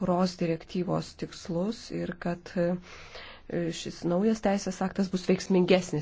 ROS direktyvos tikslus ir kad e, šis naujas teisės aktas bus veiksmingesnis.